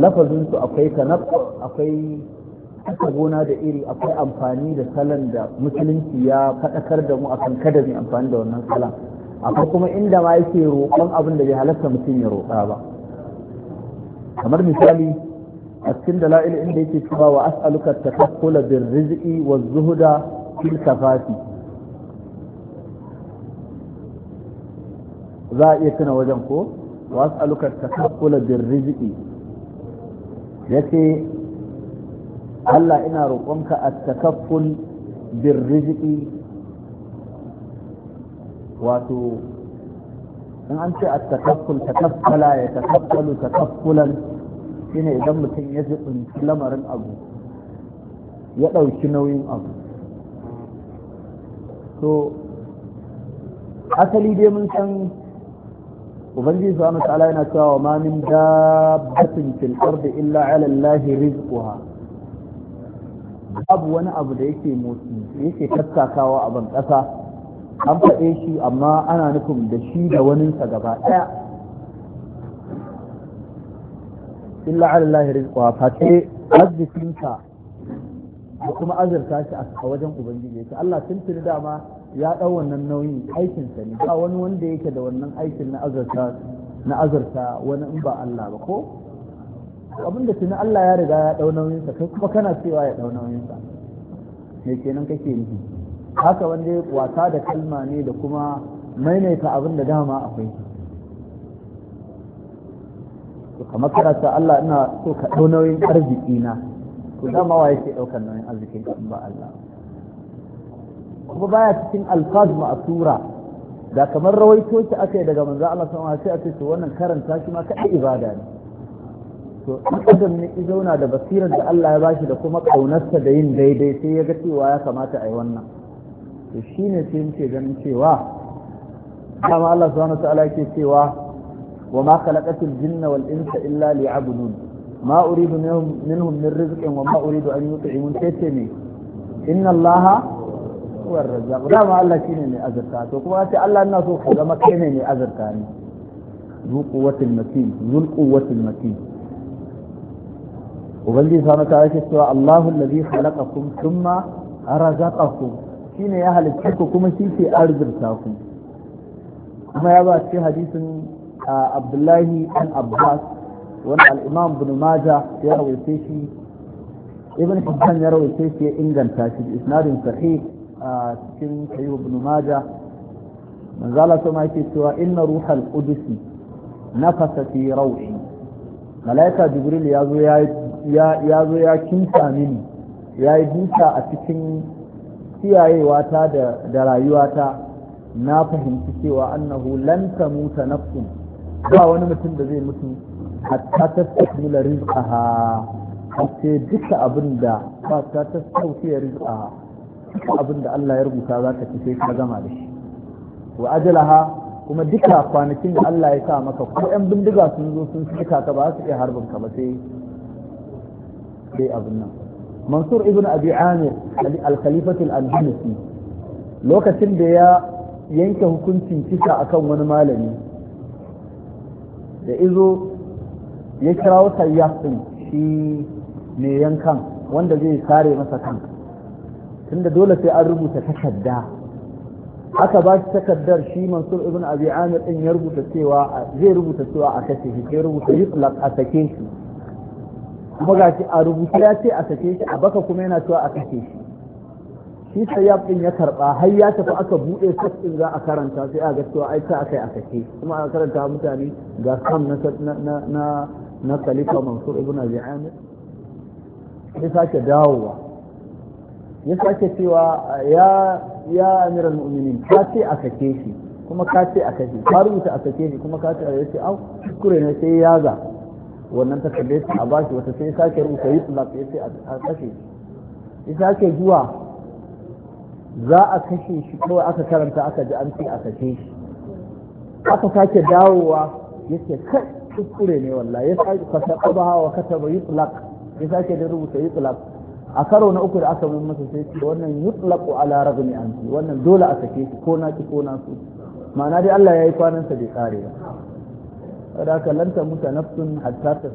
lafazin su akwai tanaffu akwai haka gona da iri akwai amfani da salon da musulunci ya faɗakar da mu akan kada mai amfani da wannan salon akwai kuma inda ma yake roƙon abin da bai halatta mutum ya roƙa ba kamar misali a cikin dala'il inda yake cewa wa as'aluka takakkula bil rizqi wa zuhuda fil safati za a iya tuna wajen ko wa as'aluka takakkula bil rizqi yace Allah ina roƙonka a takafful bin rizqi wato in an ce a takafful takaffala ya takaffalu takaffulan shine idan mutum ya ji lamarin abu ya ɗauki nauyin abu to asali dai mun san ubangiji subhanahu wa ta'ala yana cewa ma min dabbatin fil ardi illa 'ala allahi rizquha babu wani abu da yake motsi yake tattakawa a ban ƙasa an faɗe shi amma ana nufin da shi da waninsa gaba ɗaya illa alallahi rizqa face arzikinka da kuma azurta shi a wajen ubangiji yake Allah tun tuni dama ya ɗau wannan nauyin aikinsa ne ba wani wanda yake da wannan aikin na azarta wani in ba Allah ba ko abin da tuni Allah ya riga ya ɗau nauyinsa kai kuma kana cewa ya ɗau nauyinsa me kenan kake nufi haka wanda wasa da kalma ne da kuma maimaita abin da dama akwai to kamar karanta Allah ina so ka ɗau nauyin arziki na to dama wa yake ɗaukar nauyin arzikin ka in ba Allah ba kuma baya cikin alfaz ma'asura da kamar rawaito shi aka yi daga manzo Allah sama sai a ce to wannan karanta shi ma kai ibada ne to adam ne zauna da basirar da Allah ya bashi da kuma kaunarsa da yin daidai sai ya ga cewa ya kamata a yi wannan to shine sai muke ganin cewa kama Allah subhanahu wa ta'ala yake cewa وما خلقت الجن والإنس إلا ليعبدون ما أريد منهم, منهم من رزق وما أريد أن ce تسمي inna allaha. huwar razzaq dama Allah shine mai azurta to kuma ce Allah ina so ka zama kai ne mai azurta ne zu quwwatil matin zul quwwatil matin ubangiji sa mata yake cewa Allahu allazi khalaqakum thumma arzaqakum shine ya halicce ku kuma shi ke arzurta ku kuma ya ba cikin hadisin Abdullahi an Abbas wani al-Imam Ibn Majah ya rawaite shi ibn Hibban ya rawaita shi ya inganta shi isnadin sahih a cikin sayyid ibn majah manzo Allah sama yake cewa inna ruhal qudus nafasa fi raw'i malaika jibril ya ya yazo ya kinsa mini ya yi duka a cikin kiyayewata da da rayuwata na fahimci cewa annahu lan tamuta nafsun ba wani mutum da zai mutu hatta ta tasmila rizqaha ce duka abin da ba ta tasauke rizqaha duk abin da Allah ya rubuta za ka ci sai ka gama da shi wa ajalaha kuma duka kwanakin da Allah ya sa maka ko yan bindiga sun zo sun cika ka ba su iya harbin ka ba sai sai abin nan Mansur ibn Abi Amir al khalifah al-Andalusi lokacin da ya yanke hukuncin kisa akan wani malami da izo ya kira wata yasin shi ne yankan wanda zai kare masa kanka tunda dole sai an rubuta takarda aka ba shi takardar shi mansur ibn abi amir din ya rubuta cewa zai rubuta cewa a kashe shi sai rubuta yutlaq a sake shi kuma gashi a rubuta ya ce a sake shi a baka kuma yana cewa a sake shi shi sayyab din ya karba har ya tafi aka bude sas din za a karanta sai a ga cewa ai ta akai a sake kuma a karanta mutane ga kam na na na na khalifa mansur ibn abi amir sai sake dawowa ya sake cewa ya ya amiral mu'minin ka ce a sake shi kuma ka ce a kashe ka rubuta a sake shi kuma ka ce a ce au kure ne sai ya ga wannan takardar a bashi wata sai sake rubuta yi tsula ya ce a kashe ya sake zuwa za a kashe shi kawai aka karanta aka ji an ce a sake shi aka sake dawowa ya ce kai kuskure ne wallahi ya sake kasa ƙaba hawa kasa ba yi tsula ya sake da rubuta yi tsula a karo na uku da aka min masa sai ce wannan yutlaqu ala ragmi anti wannan dole a sake shi ko na ko na ma'ana dai Allah yayi kwanan sa bai kare ba saboda haka lanta muta nafsun hatta ta